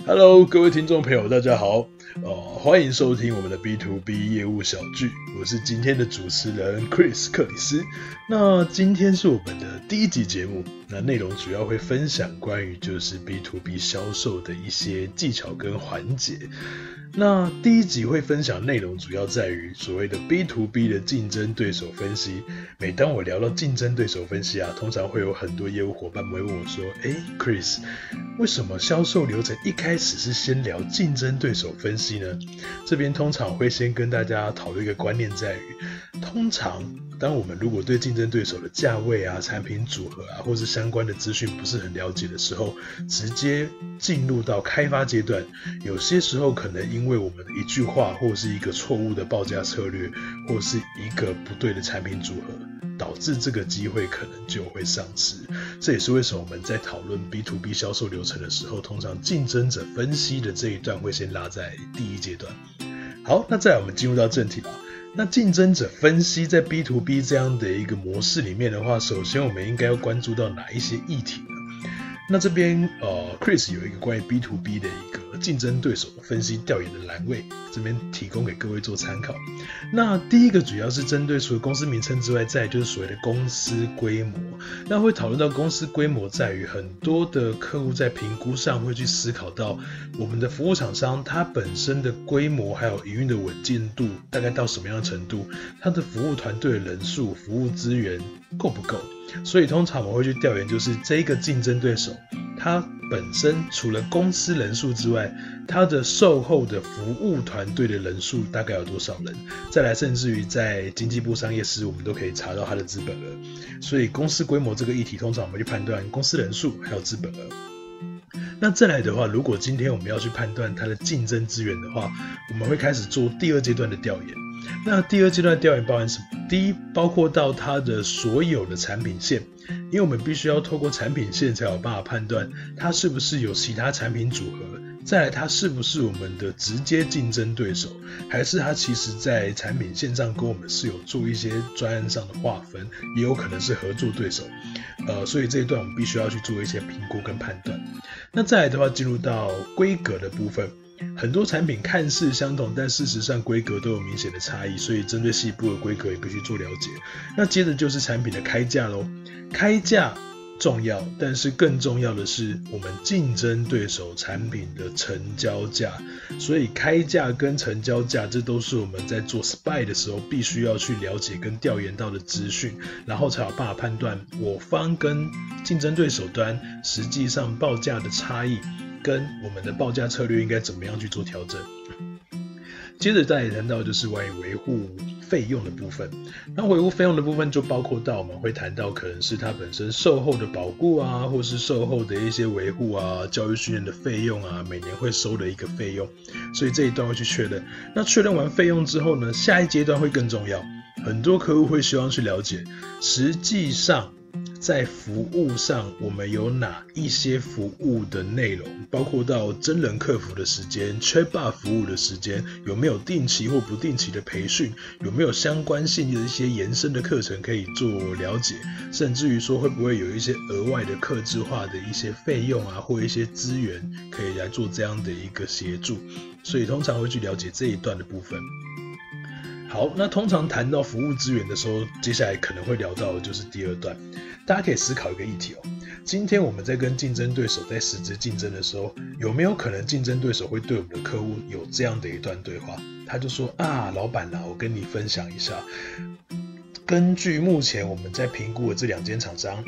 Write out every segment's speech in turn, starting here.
哈嘍，Hello, 各位聽眾朋友，大家好。哦，歡迎收聽我們的 B to B 業務小聚，我是今天的主持人 Chris 克里斯。那今天是我們的第一集節目，那內容主要會分享關於就是 B to B 銷售的一些技巧跟環節。那第一集會分享內容主要在於所謂的 B to B 的競爭對手分析。每當我聊到競爭對手分析啊，通常會有很多業務夥伴們會問我說：“誒，Chris，為什麼銷售流程一開始是先聊競爭對手分析？”呢，這邊通常會先跟大家討論一個觀念，在於，通常當我們如果對競爭對手的價位啊、產品組合啊，或是相關的資訊不是很了解的時候，直接進入到開發階段，有些時候可能因為我們的一句話，或是一個錯誤的報價策略，或是一個不對的產品組合。導致這個機會可能就會喪失，這也是為什麼我們在討論 B to B 銷售流程的時候，通常競爭者分析的這一段會先拉在第一階段。好，那再來我們進入到正題吧。那競爭者分析在 B to B 這樣的一個模式裡面的話，首先我們應該要關注到哪一些議題？那這邊呃，Chris 有一個關於 B to B 的一個競爭對手分析調研的欄位，這邊提供給各位做參考。那第一個主要是針對除了公司名稱之外，再就是所謂的公司規模。那會討論到公司規模在於很多的客戶在評估上會去思考到我們的服務廠商它本身的規模，還有營運的穩健度大概到什麼樣的程度，它的服務團隊的人數、服務資源夠不夠。所以通常我會去調研，就是這一個競爭對手，他本身除了公司人數之外，他的售後的服務團隊的人數大概有多少人？再來，甚至於在經濟部商業司，我們都可以查到他的資本額。所以公司規模這個議題，通常我們就判斷公司人數還有資本額。那再來的話，如果今天我們要去判斷它的競爭資源的話，我們會開始做第二階段的調研。那第二階段調研包含什麼？第一，包括到它的所有的產品線，因為我們必須要透過產品線才有辦法判斷它是不是有其他產品組合。再來，它是不是我們的直接競爭對手，還是它其實，在產品線上跟我們是有做一些專案上的劃分，也有可能是合作對手，呃，所以這一段我們必須要去做一些評估跟判斷。那再來的話，進入到規格的部分，很多產品看似相同，但事實上規格都有明顯的差異，所以針對細部的規格也必須做了解。那接着就是產品的開價嘍，開價。重要，但是更重要的是我們競爭對手產品的成交價，所以開價跟成交價，這都是我們在做 spy 的時候必須要去了解跟調研到的資訊，然後才有辦法判斷我方跟競爭對手端實際上報價的差異，跟我們的報價策略應該怎麼樣去做調整。接着再談到就是關於維護。費用的部分，那維護費用的部分就包括到我們會談到，可能是它本身售後的保固啊，或是售後的一些維護啊、教育訓練的費用啊，每年會收的一個費用。所以這一段要去確認。那確認完費用之後呢，下一階段會更重要。很多客戶會希望去了解，實際上，在服務上，我們有哪一些服務的內容？包括到真人客服的時間、Chatbot 服務的時間，有沒有定期或不定期的培訓？有沒有相關性的一些延伸的課程可以做了解？甚至於說，會不會有一些額外的客制化的一些費用啊，或一些資源可以來做這樣的一個協助？所以，通常會去了解這一段的部分。好，那通常談到服務資源的時候，接下來可能會聊到的就是第二段。大家可以思考一個議題哦。今天我們在跟競爭對手在實質競爭的時候，有沒有可能競爭對手會對我們的客戶有這樣的一段對話？他就說啊，老闆啊，我跟你分享一下。根據目前我們在評估的這兩間廠商，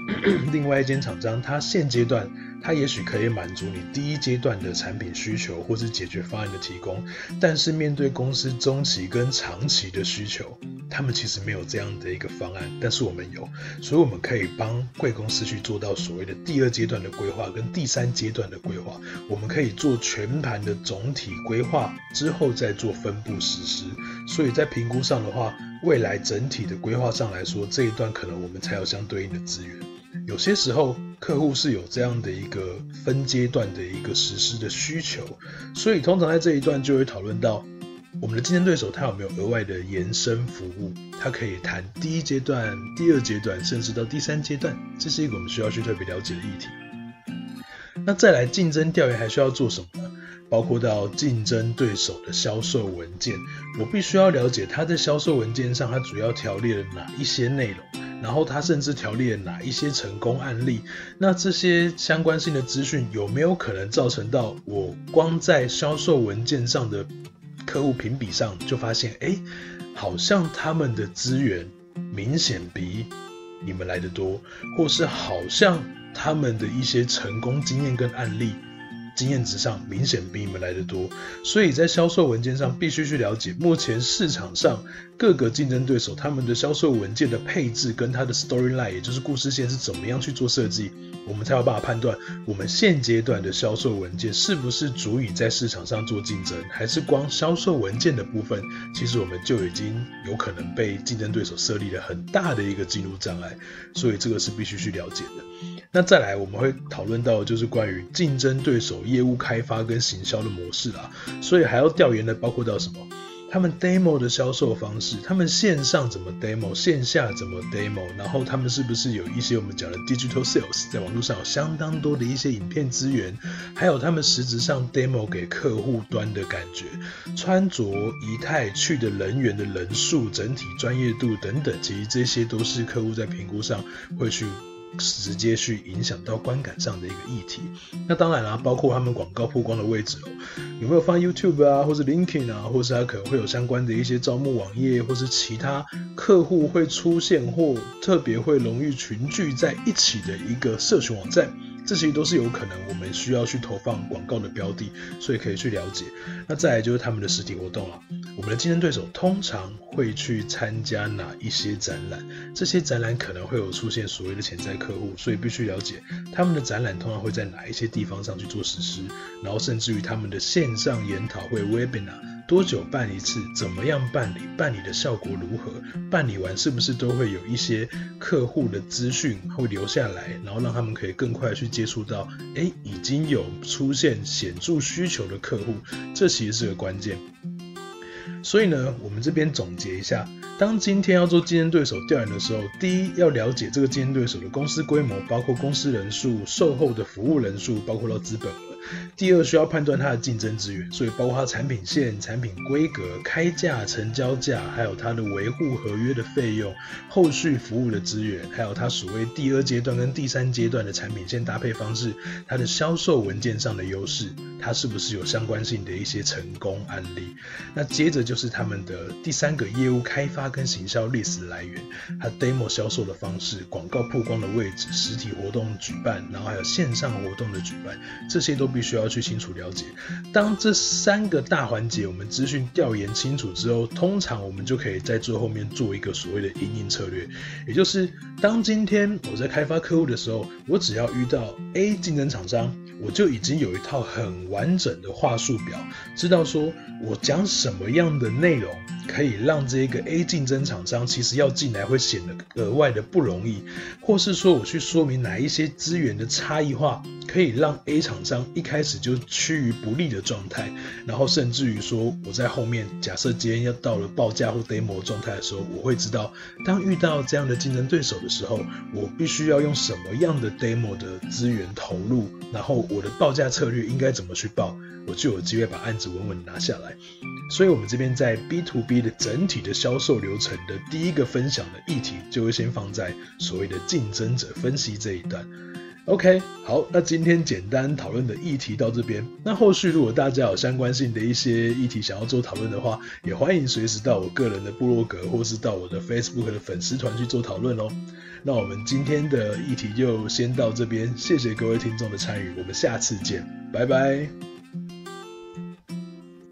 另外一間廠商，它現階段它也許可以滿足你第一階段的產品需求或是解決方案的提供，但是面對公司中期跟長期的需求，他們其實沒有這樣的一個方案，但是我們有，所以我們可以幫貴公司去做到所謂的第二階段的規劃跟第三階段的規劃，我們可以做全盤的總體規劃之後再做分步實施，所以在評估上的話，未來整體的規劃上來說，這一段可能我們才有相對應的資源。有些時候客戶是有這樣的一個分階段的一個實施的需求，所以通常在這一段就會討論到我們的競爭對手，他有沒有額外的延伸服務，他可以談第一階段，第二階段，甚至到第三階段，這是一個我們需要去特別了解的議題。那再來競爭調研還需要做什麼？包括到競爭對手的銷售文件。我必須要了解，他在銷售文件上，他主要條例了哪一些內容，然後他甚至條列了哪一些成功案例。那這些相關性的資訊有沒有可能造成到我光在銷售文件上的客戶評比上就發現，哎，好像他們的資源明顯比你們來得多，或是好像他們的一些成功經驗跟案例，經驗值上明顯比你們來得多，所以在銷售文件上必須去了解目前市場上各個競爭對手他們的銷售文件的配置跟他的 storyline，也就是故事線是怎麼樣去做設計，我們才有辦法判斷我們現階段的銷售文件是不是足以在市場上做競爭，還是光銷售文件的部分，其實我們就已經有可能被競爭對手設立了很大的一個進入障礙，所以這個是必須去了解的。那再來我們會討論到的就是關於競爭對手，業務開發跟行銷的模式啦，所以還要調研的包括到什麼？他們 demo 的銷售方式，他們線上怎麼 demo，線下怎麼 demo，然後他們是不是有一些我們講的 digital sales，在網絡上有相當多的一些影片資源，還有他們實質上 demo 給客戶端的感覺，穿着、儀態、去的人員的人數、整體專業度等等，其實這些都是客戶在評估上會去。直接去影響到觀感上的一個議題，那當然啦、啊，包括他們廣告曝光的位置哦，有沒有發 YouTube 啊，或是 LinkedIn 啊，或者是他可能會有相關的一些招募網頁，或是其他客戶會出現或特別會容易群聚在一起的一個社群網站。這些都是有可能我們需要去投放廣告的標的，所以可以去了解。那再來就是他們的實體活動了啊。我們的競爭對手通常會去參加哪一些展覽？這些展覽可能會有出現所謂的潛在客戶，所以必須了解他們的展覽通常會在哪一些地方上去做實施。然後甚至於他們的線上研討會、Webinar。多久辦一次？怎麼樣辦理？辦理的效果如何？辦理完是不是都會有一些客戶的資訊會留下來，然後讓他們可以更快去接觸到，誒，已經有出現顯著需求的客戶，這其實是個關鍵。所以呢，我們這邊總結一下。當今天要做競爭對手調研的時候，第一要了解這個競爭對手的公司規模，包括公司人數、售後的服務人數，包括到資本額。第二需要判斷它的競爭資源，所以包括它產品線、產品規格、開價、成交價，還有它的維護合約的費用、後續服務的資源，還有它所謂第二階段跟第三階段的產品線搭配方式，它的銷售文件上的優勢，它是不是有相關性的一些成功案例。那接着就是他們的第三個業務開發。跟行銷歷史來源，還有 demo 銷售的方式、廣告曝光的位置、實體活動的舉辦，然後還有線上活動的舉辦，這些都必須要去清楚了解。當這三個大環節我們資訊調研清楚之後，通常我們就可以在最後面做一個所謂的營運策略，也就是當今天我在開發客戶的時候，我只要遇到 A 競爭廠商。我就已經有一套很完整的話術表，知道說我講什麼樣的內容可以讓這個 A 競爭廠商其實要進來會顯得格外的不容易，或是說我去說明哪一些資源的差異化可以讓 A 廠商一開始就趨於不利的狀態，然後甚至於說我在後面假設今天要到了報價或 demo 狀態的時候，我會知道當遇到這樣的競爭對手的時候，我必須要用什麼樣的 demo 的資源投入，然後。我的報價策略應該怎麼去報，我就有機會把案子穩穩拿下來。所以，我們這邊在 B to B 的整體的銷售流程的第一個分享的議題，就會先放在所謂的競爭者分析這一段。OK，好，那今天簡單討論的議題到這邊。那後續如果大家有相關性的一些議題想要做討論的話，也歡迎隨時到我個人的部落格或是到我的 Facebook 的粉絲團去做討論哦。那我們今天的議題就先到這邊，謝謝各位聽眾的參與，我們下次見，拜拜。